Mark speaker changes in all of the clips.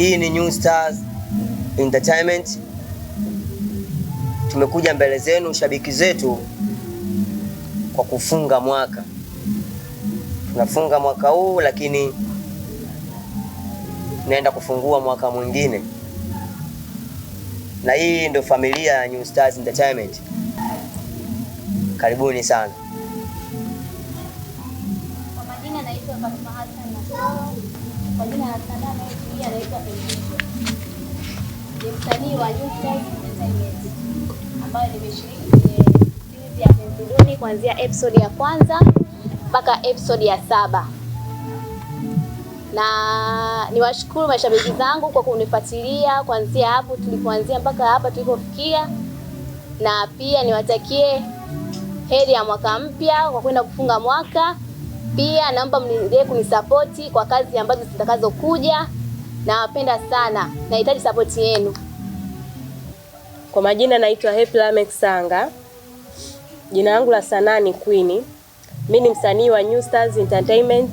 Speaker 1: Hii ni New Stars Entertainment, tumekuja mbele zenu shabiki zetu kwa kufunga mwaka. Tunafunga mwaka huu, lakini tunaenda kufungua mwaka mwingine, na hii ndio familia ya New Stars Entertainment. Karibuni sana.
Speaker 2: Kwa majina naitwa Fatuma Hassan kwa jina la sanaa mmoja anaitwa ni msanii wa ambayo nimeshiriki kwenye series ya kuanzia episode ya kwanza mpaka episode ya saba na niwashukuru mashabiki zangu kwa kunifuatilia kuanzia hapo tulipoanzia mpaka hapa tulipofikia, na pia niwatakie heri ya mwaka mpya kwa kwenda kufunga mwaka. Pia naomba mniendelee kunisapoti kwa kazi ambazo zitakazokuja. Nawapenda sana, nahitaji sapoti yenu.
Speaker 3: Kwa majina naitwa Happy Lameck Sanga, jina langu la sanaa ni Queen. Mi ni msanii wa New Stars Entertainment.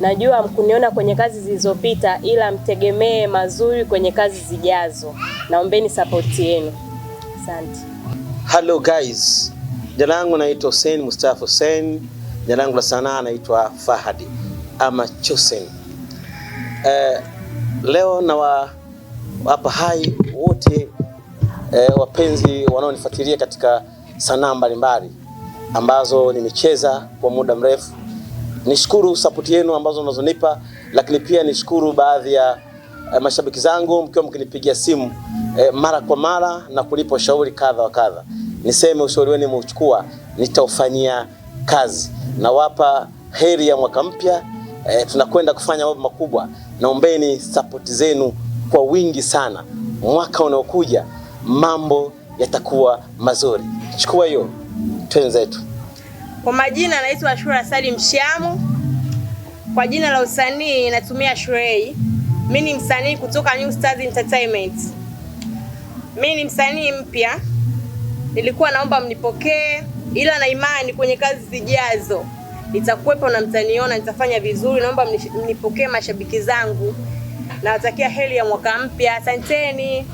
Speaker 3: Najua mkuniona kwenye kazi zilizopita, ila mtegemee mazuri kwenye kazi zijazo. Naombeni sapoti yenu, asante.
Speaker 4: Hello guys, jina langu naitwa Hussein Mustafa Hussein. Jina langu la sanaa naitwa Fahadi ama Chosen. Uh, Leo na wa hapa hai wote e, wapenzi wanaonifuatilia katika sanaa mbalimbali ambazo nimecheza kwa muda mrefu, nishukuru sapoti yenu ambazo mnazonipa, lakini pia nishukuru baadhi ya e, mashabiki zangu mkiwa mkinipigia simu e, mara kwa mara na kulipa ushauri kadha wa kadha. Niseme ushauri wenu nimeuchukua, nitaufanyia kazi. Nawapa heri ya mwaka mpya. E, tunakwenda kufanya mambo makubwa naombeni sapoti zenu kwa wingi sana. Mwaka unaokuja mambo yatakuwa mazuri. Chukua hiyo, twenzetu.
Speaker 5: Kwa majina naitwa Ashura Sadi Mshamu, kwa jina la usanii natumia Shurei. Mi ni msanii kutoka New Stars Entertainment. Mi ni msanii mpya, nilikuwa naomba mnipokee, ila na imani kwenye kazi zijazo nitakuwepo na mtaniona, nitafanya vizuri. Naomba mnipokee mashabiki zangu, nawatakia heri ya mwaka mpya. Asanteni.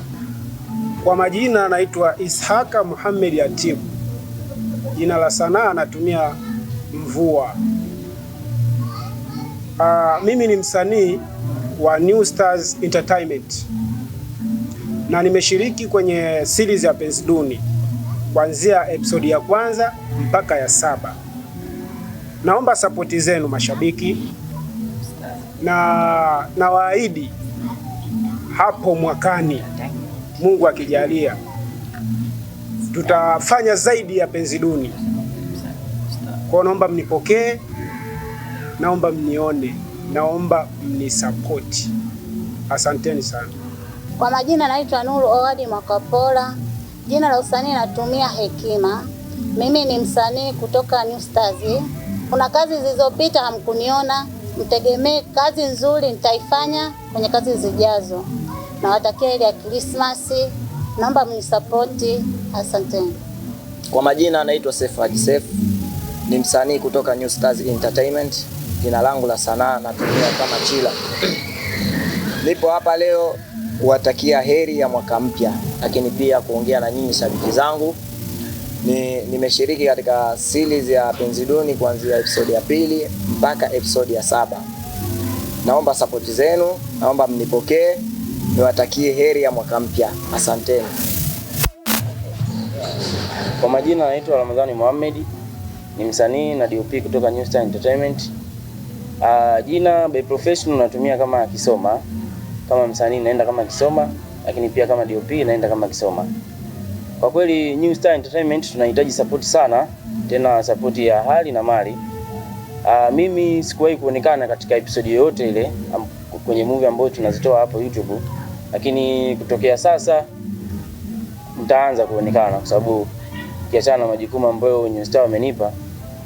Speaker 6: Kwa majina anaitwa Ishaka Muhammad atibu jina la sanaa anatumia mvua. Aa, ah, mimi ni msanii wa New Stars Entertainment na nimeshiriki kwenye series ya Penzi Duni kuanzia episodi ya kwanza mpaka ya saba. Naomba sapoti zenu mashabiki, na nawaahidi hapo mwakani, Mungu akijalia, tutafanya zaidi ya penzi duni. Kwa naomba mnipokee, naomba mnione, naomba mnisapoti. Asanteni sana.
Speaker 7: Kwa majina naitwa Nuru Owadi Mwakapola, jina la usanii natumia Hekima. Mimi ni msanii kutoka New Stars. Kuna kazi zilizopita hamkuniona, mtegemee kazi nzuri nitaifanya kwenye kazi zijazo. Nawatakia ile ya Krismasi, naomba mnisapoti, asanteni.
Speaker 8: Kwa majina anaitwa Sefu Haji Sefu, ni msanii kutoka New Stars Entertainment. Jina langu la sanaa natumia kama Chila. Nipo hapa leo kuwatakia heri ya mwaka mpya, lakini pia kuongea na nyinyi shabiki zangu ni, nimeshiriki katika series ya Penzi Duni kuanzia episodi ya pili mpaka episodi ya saba. Naomba sapoti zenu, naomba mnipokee, niwatakie heri ya mwaka mpya. Asanteni.
Speaker 9: Kwa majina naitwa Ramadhani Mohamed, ni msanii na DOP kutoka New Star Entertainment. Uh, jina by professional natumia kama Kisoma, kama msanii naenda kama Kisoma, lakini pia kama DOP naenda kama Kisoma. Kwa kweli New Star Entertainment tunahitaji support sana, tena support ya hali na mali. Aa, ah, mimi sikuwahi kuonekana katika episode yoyote ile kwenye movie ambayo tunazitoa hapo YouTube, lakini kutokea sasa mtaanza kuonekana kwa sababu kiachana na majukumu ambayo New Star wamenipa.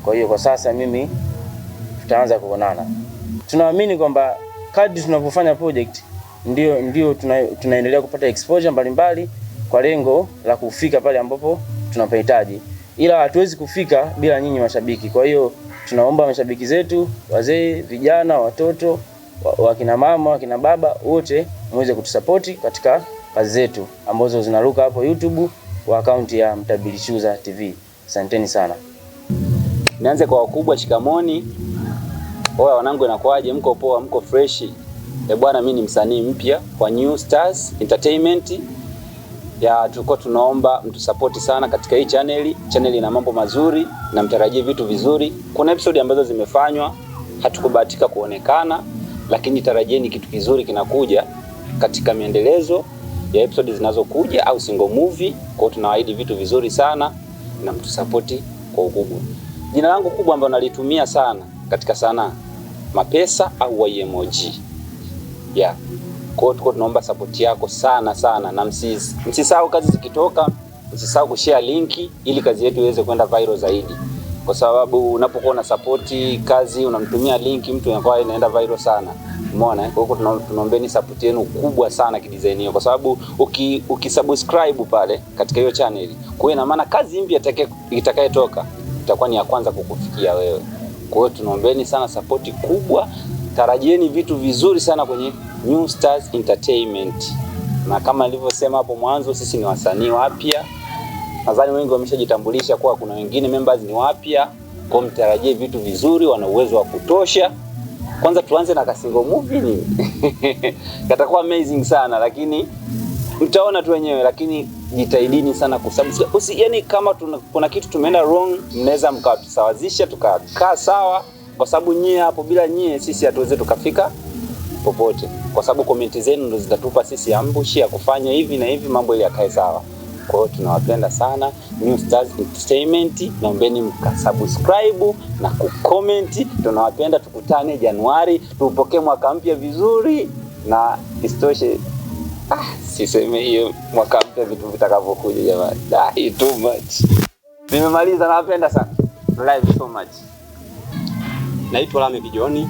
Speaker 9: Kwa hiyo kwa sasa mimi tutaanza kuonana. Tunaamini kwamba kadri tunavyofanya project ndio, ndio tuna, tunaendelea kupata exposure mbalimbali mbali kwa lengo la kufika pale ambapo tunapahitaji, ila hatuwezi kufika bila nyinyi mashabiki. Kwa hiyo tunaomba mashabiki zetu, wazee, vijana, watoto, wakina mama, wakina baba, wote muweze kutusapoti katika kazi zetu ambazo zinaruka hapo YouTube kwa akaunti ya Mtabiri Chuza TV. Asanteni sana.
Speaker 10: Nianze kwa wakubwa, shikamoni. Oya wanangu, inakuwaje? Mko poa? Mko freshi? Eh bwana, mimi ni msanii mpya kwa New Stars Entertainment ya tulikuwa tunaomba mtusapoti sana katika hii chaneli. Chaneli ina mambo mazuri na mtarajie vitu vizuri. Kuna episodi ambazo zimefanywa hatukubahatika kuonekana, lakini tarajieni kitu kizuri kinakuja katika miendelezo ya episodi zinazokuja au single movie. Kwa hiyo tunawaahidi vitu vizuri sana na mtusapoti kwa ukubwa. Jina langu kubwa ambalo nalitumia sana katika sanaa Mapesa au YMOG yeah kwao tuko tunaomba support yako sana sana, na msisahau kazi zikitoka, msisahau kushare linki ili kazi yetu iweze kwenda viral zaidi, kwa sababu unapokuwa una support kazi, unamtumia linki mtu, inakuwa inaenda viral sana. Umeona, eh? kwa hiyo tunaombeni support yenu kubwa sana kidesign hiyo, kwa sababu uki, ukisubscribe pale katika hiyo channel, kwa hiyo ina maana kazi mpya itakayotoka itakuwa ni ya kwanza kukufikia wewe. Kwa hiyo tunaombeni sana support kubwa, tarajieni vitu vizuri sana kwenye New Stars Entertainment, na kama nilivyosema hapo mwanzo, sisi ni wasanii wapya. Nadhani wengi wameshajitambulisha kuwa kuna wengine members ni wapya, kwa mtarajie vitu vizuri, wana uwezo wa kutosha. Kwanza tuanze na kasingo movie ni katakuwa amazing sana, lakini mtaona tu wenyewe, lakini jitahidini sana kusubscribe. Usi, yani kama tuna, kuna kitu tumeenda wrong, mnaweza mkatusawazisha tukakaa sawa, kwa sababu nyie hapo, bila nyie sisi hatuwezi tukafika popote, kwa sababu komenti zenu ndo zitatupa sisi ambushi ya kufanya hivi na hivi mambo ili yakae sawa. Kwa hiyo tunawapenda sana New Stars Entertainment, naombeni mkasubscribe na kucomment. Tunawapenda, tukutane Januari, tupokee mwaka mpya vizuri, na isitoshe ah, siseme hiyo mwaka mpya vitu vitakavyokuja jamani, ah, too much.
Speaker 11: Nimemaliza, nawapenda sana, Live so much. Naitwa Lame Bijoni.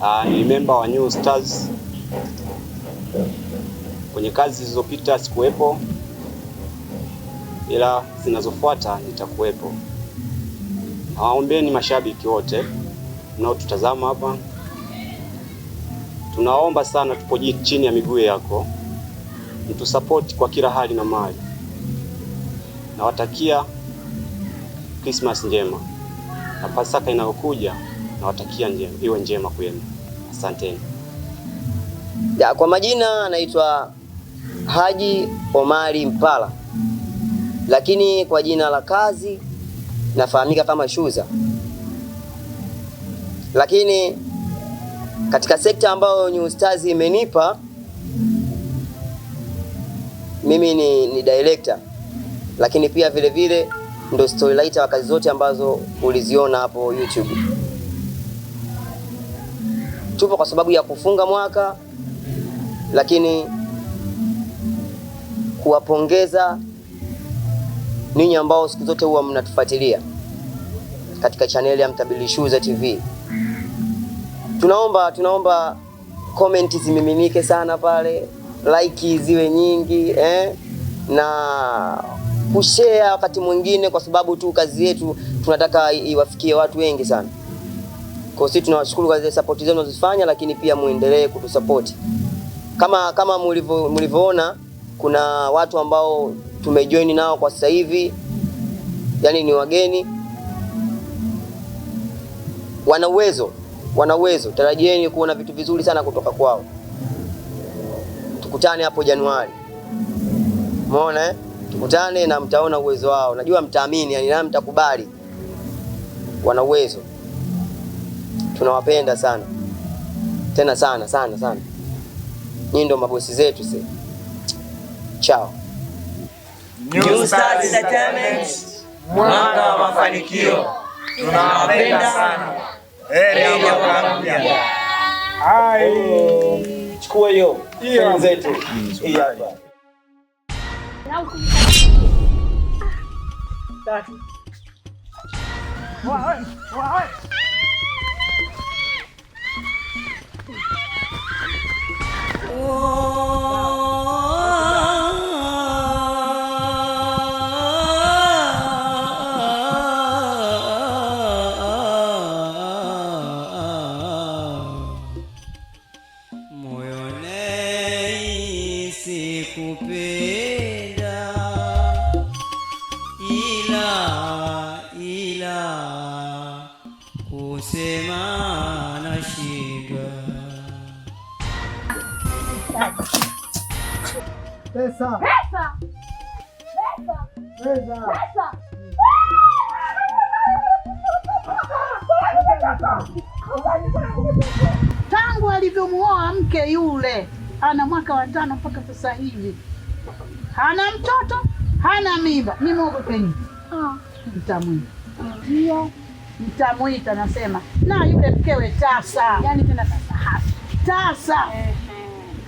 Speaker 11: Uh, ni memba wa New Stars. Kwenye kazi zilizopita sikuwepo, ila zinazofuata nitakuwepo. Nawaombeni mashabiki wote mnaotutazama hapa, tunaomba sana, tupo chini ya miguu yako, mtusapoti kwa kila hali na mali. Nawatakia Krismasi njema na Pasaka inayokuja nawatakia njema, iwe njema kwenu, asanteni.
Speaker 12: Ya, kwa majina anaitwa Haji Omari Mpala, lakini kwa jina la kazi nafahamika kama Shuza, lakini katika sekta ambayo New Stars imenipa mimi ni, ni director lakini pia vile vile ndo storyline wa kazi zote ambazo uliziona hapo YouTube tupo kwa sababu ya kufunga mwaka, lakini kuwapongeza ninyi ambao siku zote huwa mnatufuatilia katika chaneli ya Mtabiri Shuza TV. Tunaomba tunaomba komenti zimiminike sana pale, like ziwe nyingi eh? na kushare wakati mwingine, kwa sababu tu kazi yetu tunataka iwafikie watu wengi sana. Kwa sisi tunawashukuru kwa zile support zenu mnazofanya, lakini pia muendelee kutusupport. Kama kama mlivyoona kuna watu ambao tumejoin nao kwa sasa hivi, yani ni wageni, wana uwezo, wana uwezo. Tarajieni kuona vitu vizuri sana kutoka kwao. Tukutane hapo Januari, umeona eh? Tukutane na mtaona uwezo wao, najua mtaamini, yani na mtakubali, wana uwezo tunawapenda sana tena sana sana sana. Nyinyi ndio mabosi zetu si. Chao.
Speaker 13: New Stars Entertainment, mwaka wa mafanikio. Tunawapenda sana. Heri ya mwaka mpya.
Speaker 12: Hai. Chukua hiyo. Hiyo zetu. Hii
Speaker 14: 我。
Speaker 15: tangu alivyomuoa mke yule, ana mwaka wa tano mpaka sasa hivi hana mtoto, hana mimba. Nimwogopeni, ah. mtamwita mtamwita, nasema na yule mkewe tasa, yani tena tasa tasa,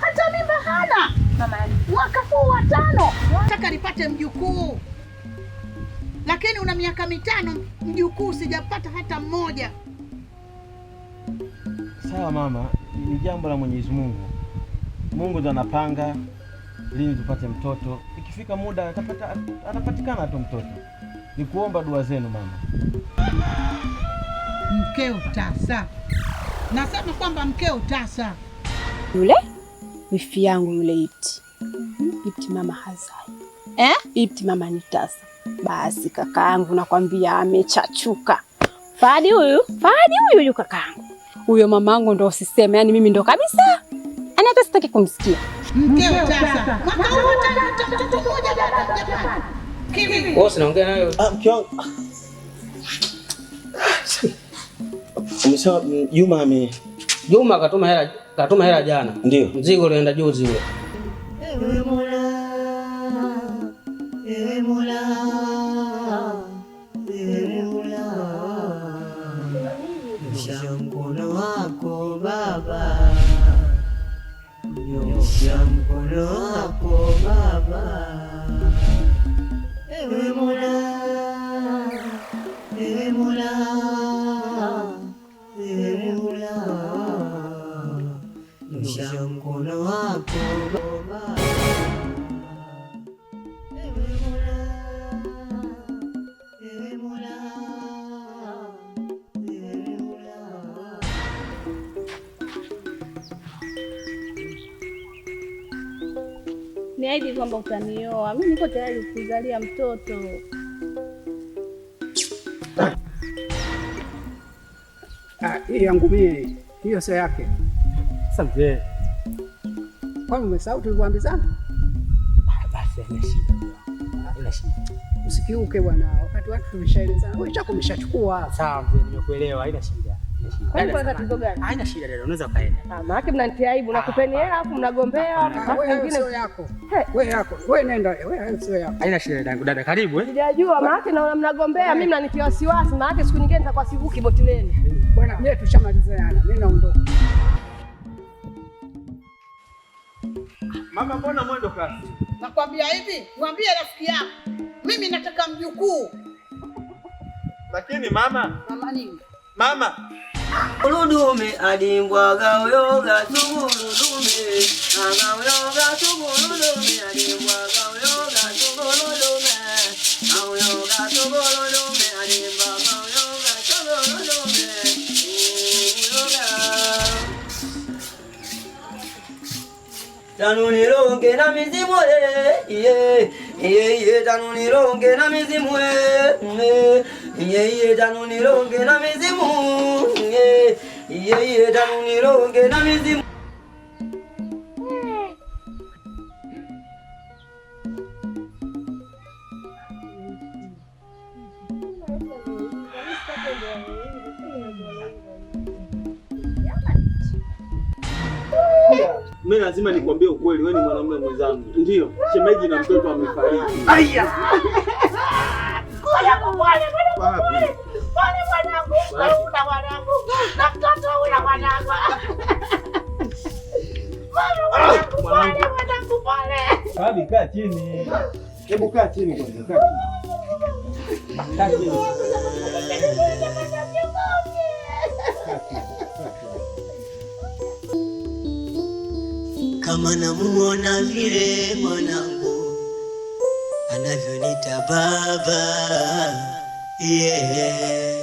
Speaker 15: hata mimba hana, mwaka huu wa tano nataka nipate mjukuu, lakini una miaka mitano mjukuu sijapata hata mmoja.
Speaker 16: Sawa mama, ni jambo la Mwenyezi Mungu. Mungu ndo anapanga lini tupate mtoto. Ikifika muda atapata, atapatikana tu mtoto. Ni kuomba dua zenu mama.
Speaker 15: Mkeo tasa, nasema kwamba mkeo tasa
Speaker 17: yule wifi yangu yule Ipti mhm. Ipti mama hazai eh? Ipti mama ni tasa. Basi kakaangu nakwambia, amechachuka Fadi huyu Fadi huyu huyu kakaangu huyo mamangu ndo usiseme, yani mimi ndo kabisa, yani hata sitaki kumsikia.
Speaker 16: Umesema mm, Juma ame Juma katuma hela, katuma hela jana. Ndio. Mzigo ulienda juzi ule. Europe
Speaker 18: utanioa. Mimi niko tayari kuzalia mtoto.
Speaker 19: Ah, hii yangu mimi, hiyo sio yake. Sasa mzee, kwani umesahau tulivyoambizana?
Speaker 20: Ah, basi haina shida, haina shida,
Speaker 19: usikiuke bwana. Wakati watu tumeshaelezana, wewe chako umeshachukua.
Speaker 20: Sawa mzee, nimekuelewa, haina shida.
Speaker 19: Yaani,
Speaker 20: haina shida dada, unaweza ukaenda.
Speaker 19: Ah, maana yake mnanitia aibu ah, na kupeni hela afu mnagombea. Sio yako. Wewe yako. Wewe nenda. Wewe sio yako.
Speaker 20: Haina shida dada, dada karibu eh.
Speaker 19: Sijajua maana yake naona mnagombea, mimi mnanitia wasiwasi, maana yake siku nyingine nitakuwa sivuki boti leni. Bwana, mimi tushamalizana. Mimi naondoka. Mama, mbona mwendo kasi? Nakwambia hivi, mwambie rafiki yako. Mimi nataka mjukuu.
Speaker 20: Lakini mama. Mama nini? Mama uludume adimbwaga uyoga suguludume aga uyoga suguludume adimbwaga uyoga suguludume auyoga suguludume ee, adimbwaga uyoga suguludume uyoga tanunironge na mizimu iye ee, iye ee, iye tanunironge
Speaker 21: na mizimu iye tanu na mizimu iye tanu na mizimu Mimi lazima nikwambie ukweli, wewe ni mwanamume mwenzangu. Ndio, shemeji na mtoto amefariki.
Speaker 19: Aya. hapa wapi? Wale wananguka, una wananguka. Na mtoto una wananguka. Wale wananguka, ah, wananguka wale.
Speaker 20: Sabi, kaa chini. Hebu kaa chini kwanza, kaa chini. Kaa chini. Kama namuona vile mwanangu anavyonita baba yeah.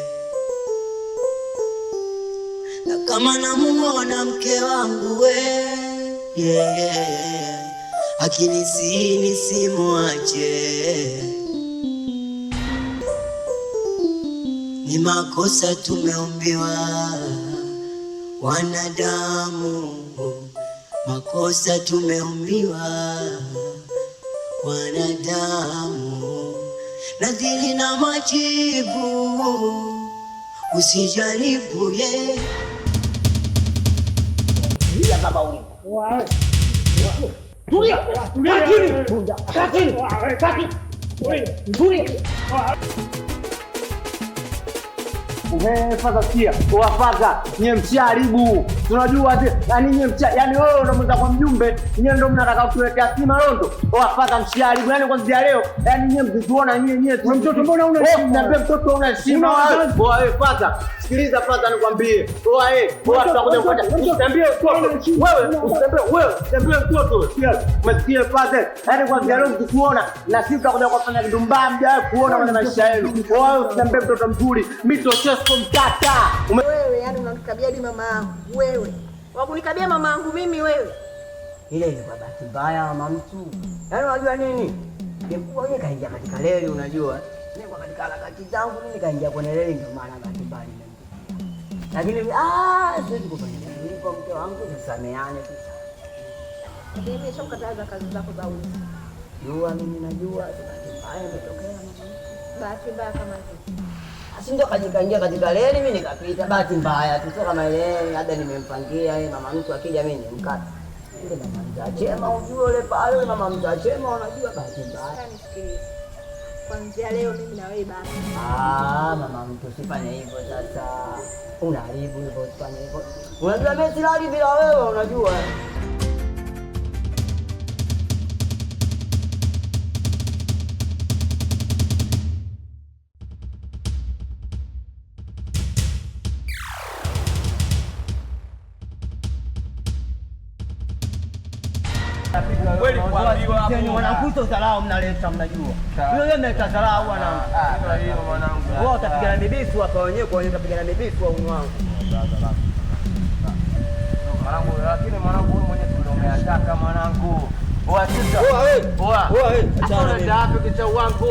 Speaker 20: Na kama namuona mke wangu we yeah. Akinisihi
Speaker 22: nisimwache, ni makosa tumeumbiwa wanadamu, makosa tumeumbiwa wanadamu nadhiri na majibu, usijaribu ye Faza, sikia, wafaza nye msharibu tunajua yani nyie mcha yani wewe ndo mwenza kwa mjumbe, nyie ndo mnataka kutuletea sima londo oh, afaka mshari yani kwanzia leo yani nyie mzituona nyie nyie tu mtoto mbona oh, una heshima oh, eh, naambia eh, mtoto una heshima wewe fata sikiliza fata nikwambie oa eh oa tutakuja kufanya usitembee mtoto wewe usitembee wewe usitembee mtoto msikie fata yani kwanzia leo mkituona na sisi tutakuja kufanya kitu mbaya kuona kwenye maisha yenu oa usitembee mtoto mzuri mito chesko mtata
Speaker 19: wewe yani unanikabia unamkabia mama yangu wewe, wakunikabia mama yangu mimi wewe.
Speaker 23: Ile ni kwa bahati mbaya mama mtu, yaani unajua nini, nikuwa yeye kaingia katika leli, unajua mimi kwa katika harakati zangu mimi kaingia kwenye leli, ndio maana bahati mbaya lakini ah, siwezi kufanya hivi kwa mke wangu, tusameane tu.
Speaker 24: Mimi sokataza kazi zako za uzi.
Speaker 23: Jua mimi najua bahati mbaya imetokea,
Speaker 24: bahati mbaya kama hiyo
Speaker 23: basi ndo kajikaingia katika leli, mi nikapita. Bahati mbaya tu, sio kama ile labda nimempangia yeye mama mtu akija mimi nimkata. Ile mama mtachema, ujue ile pale ile mama mtachema, unajua bahati mbaya.
Speaker 24: Kuanzia leo mimi na wewe basi.
Speaker 23: Ah, mama mtu usifanye hivyo sasa. Unaharibu hivyo, usifanye hivyo. Unajua mimi silali bila wewe, unajua.
Speaker 25: sio dharau mnaleta, mnajua yule mnaleta dharau bwana. Ah, ah, Wao utapigana mibisu hapa wenyewe kwa wenyewe, watapigana mibisu au ni wangu
Speaker 26: mwanangu. Lakini mwanangu wewe mwenye ndio umeataka mwanangu, oa
Speaker 25: oa oa, acha wangu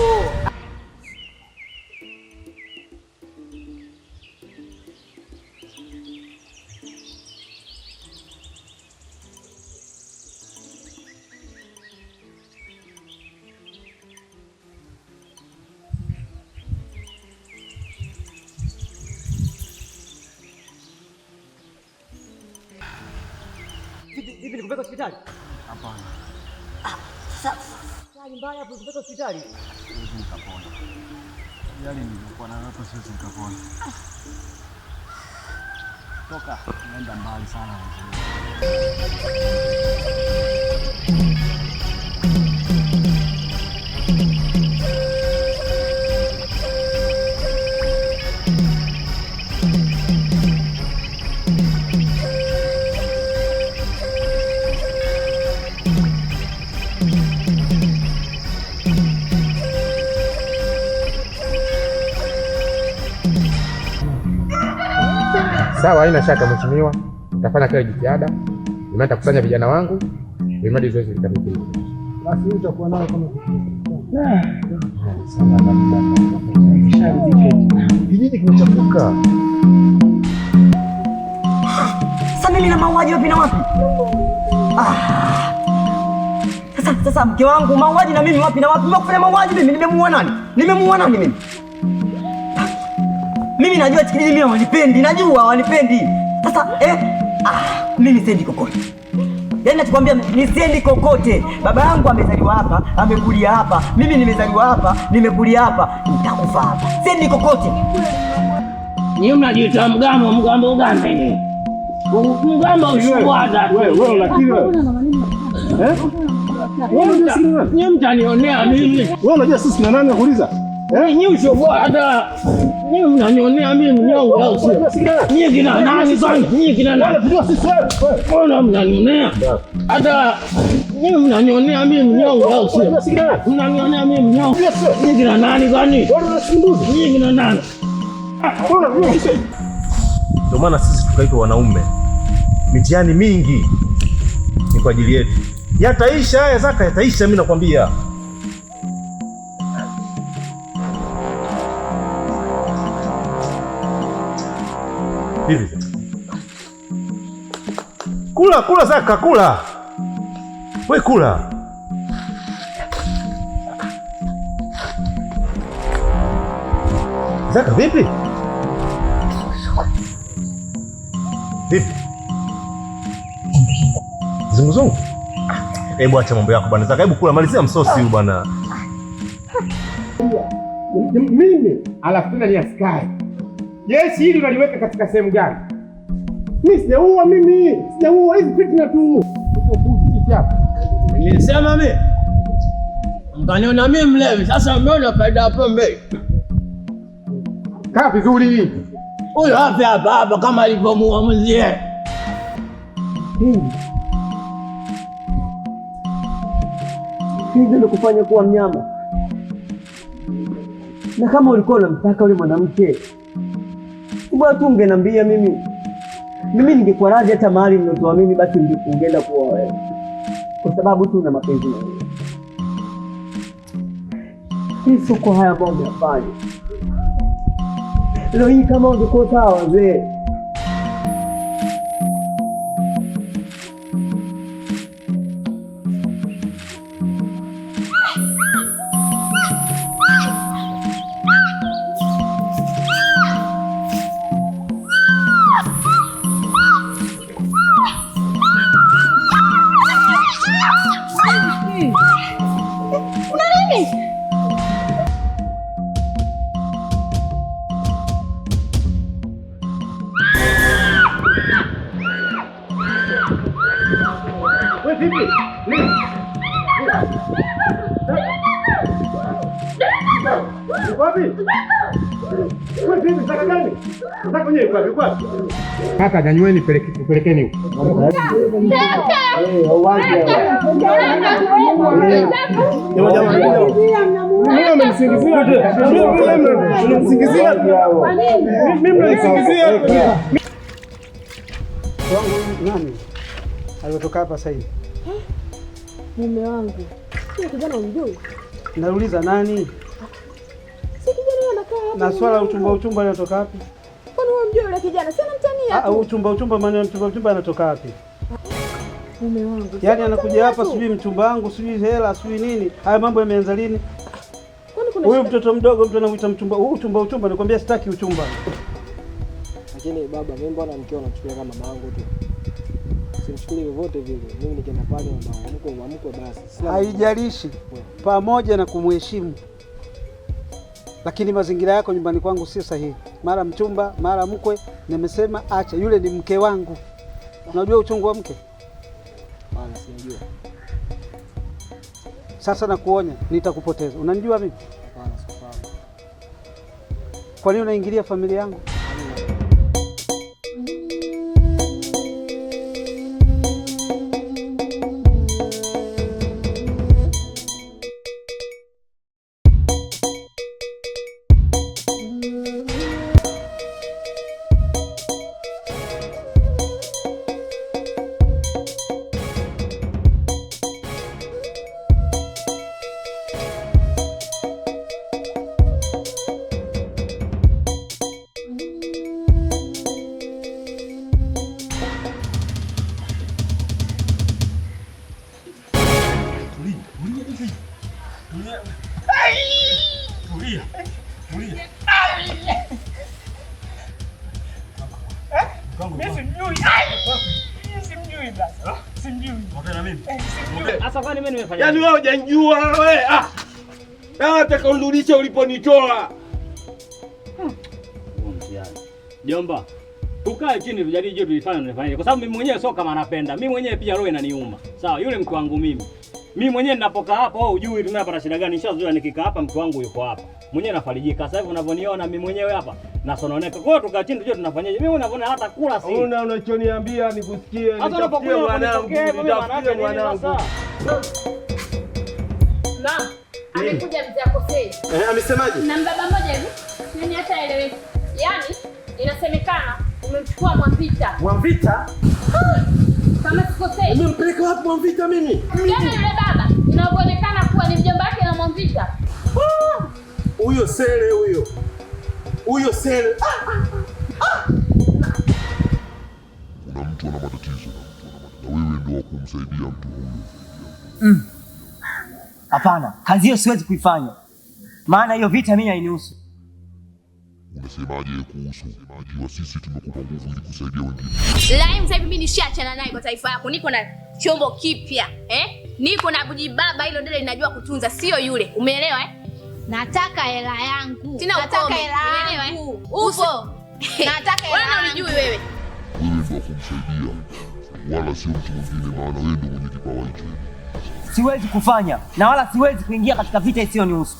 Speaker 27: kupeleka hospitali?
Speaker 28: Hapana. Ah,
Speaker 27: sasa hali mbaya hapo kupeleka hospitali.
Speaker 28: Siwezi nikapona. Yale yaani nilikuwa nayo hapo siwezi nikapona. Toka, nenda mbali sana.
Speaker 29: Sawa, haina shaka mheshimiwa, nitafanya kila jitihada, Nimeenda kukusanya vijana wangu ilimradi zoezi likamilike.
Speaker 30: Basi utakuwa nao kama kijiji kimechafuka.
Speaker 27: Sasa mimi na mauaji wapi na wapi? Ah. Sasa mke wangu mauaji na mimi wapi na wapi? Mimi Kufanya mauaji mimi, nimemuona nani? Nimemuona nani mimi? Mimi najua chikinini mimi wanipendi, najua wanipendi. Sasa eh, ah, mimi sendi kokote. Yaani nakwambia nisiendi kokote. Baba yangu amezaliwa hapa, amekulia hapa. Mimi nimezaliwa hapa, nimekulia hapa, nitakufa hapa. Sendi kokote.
Speaker 31: Ni mnajiita mgambo, mgambo uganda ni. Mgambo ushubwaza.
Speaker 30: Wewe wewe lakini wewe.
Speaker 31: Eh? eh? Wewe mtanionea mimi.
Speaker 30: Wewe unajua sisi na nani kuuliza?
Speaker 31: Eh? Ni ushubwaza mnanionea? Hata mnanionea mimi mnyonge au sio? Mnanionea mimi mnyonge. kina nani kwani? kina nani?
Speaker 29: Ndio maana sisi tukaitwa wanaume. Mitihani mingi ni kwa ajili yetu. Yataisha haya zaka, yataisha mimi nakwambia. Kula kula, Zaka kula, we kula. Zaka vipi vipi, zunguzungu? Hebu acha mambo yako bwana Zaka, hebu kula, malizia msosi huu bwana.
Speaker 30: Mimi alafu tena ni askari jeshi hili, unaliweka katika sehemu gani? Mimi sijaua mimi Acha huo hizi fitna tu.
Speaker 31: Nilisema mimi mkaniona mi mlevi, sasa mmeona faida ya pombe.
Speaker 30: Kaa vizuri.
Speaker 31: Huyo hapa hapa hapa kama alivyomuamuzie.
Speaker 30: Hizi ndio kufanya kuwa mnyama. Na kama ulikuwa unamtaka yule mwanamke, bwana tu ungeniambia mimi mimi ningekuwa radhi hata mahali mliotoa mimi, basi ningekuenda kuwa wewe, kwa sababu tu na mapenzi na wewe. Hii soko haya ambayo umeyafanya leo hii, kama ungekuwa sawa wazee wewe vipi? Kaka nyanyueni, pelekeni huko. Mnamsingizia hapa sasa hivi.
Speaker 32: Mume wangu sio kijana, umjui?
Speaker 30: Nauliza nani?
Speaker 32: Si kijana anakaa hapo.
Speaker 30: Na swala uchumba uchumba anatoka wapi?
Speaker 32: Kwani wewe umjui yule kijana? Si anamtania.
Speaker 30: Ah, uchumba uchumba maana uchumba uchumba anatoka wapi? Mume wangu. Yaani anakuja hapa sijui mchumba wangu, sijui hela, sijui nini. Haya mambo yameanza lini? Huyu mtoto mdogo mtu anamuita mchumba. Huu uchumba uchumba, nakwambia sitaki uchumba. Lakini baba, mimi mbona mkeo anachukulia kama mama wangu tu? haijalishi pamoja na kumheshimu, lakini mazingira yako nyumbani kwangu sio sahihi. Mara mchumba, mara mkwe. Nimesema acha, yule ni mke wangu. Unajua uchungu wa mke? Sasa nakuonya, nitakupoteza. Unanijua mimi? Hapana, Kwa nini unaingilia familia yangu? Nataka unirudishe uliponitoa. Jomba, ukae chini tujadili tulifanya nifanye, kwa sababu mimi mwenyewe sio kama napenda. Mimi mwenyewe pia roho inaniuma. Sawa, yule mtu wangu mimi. Mimi mwenyewe ninapokaa hapa, wewe hujui na shida gani. Nishazoea nikikaa hapa mtu wangu yuko hapa. Mwenyewe nafarijika. Sasa hivi unavyoniona mimi mwenyewe hapa nasononeka. Kwa hiyo tukae chini tujue tunafanyaje. Mimi unavyoniona hata kula si. Una unachoniambia nikusikie. Hata unapokuwa unanitokea mimi maana yake ni sasa.
Speaker 32: Na amekuja mzee akosei.
Speaker 30: Eh, amesemaje?
Speaker 32: Na mbaba mmoja hivi. Nani hata eleweki. Yaani inasemekana umemchukua Mwampita.
Speaker 30: Mwampita?
Speaker 32: Kama sikosei.
Speaker 30: Umempeleka wapi Mwampita mimi?
Speaker 32: Yaani yule baba inaonekana kuwa ni mjomba wake na Mwampita.
Speaker 30: Huyo sele huyo. Huyo sele. Ah, ah, ah. Kuna ah. mtu ana matatizo na wewe ndio wa kumsaidia mtu huyo. Mm. Hapana, kazi hiyo siwezi kuifanya, maana hiyo vita mimi hainihusu. Unasemaje kuhusu
Speaker 32: ikiwa sisi tumekupa nguvu ili kusaidia wengine? Lime sasa, mimi nishaachana naye kwa taifa yako, niko na chombo kipya eh? Niko na bujibaba, hilo dele linajua kutunza, sio yule, umeelewa eh?
Speaker 33: Nataka hela yangu, nataka hela yangu, upo, eh? nataka
Speaker 32: hela Wewe Unijui wewe, wewe ndio kumsaidia, wala sio
Speaker 30: mtu mwingine, maana wewe ndio mwenye kipawa hicho siwezi kufanya na wala siwezi kuingia katika vita isiyonihusu.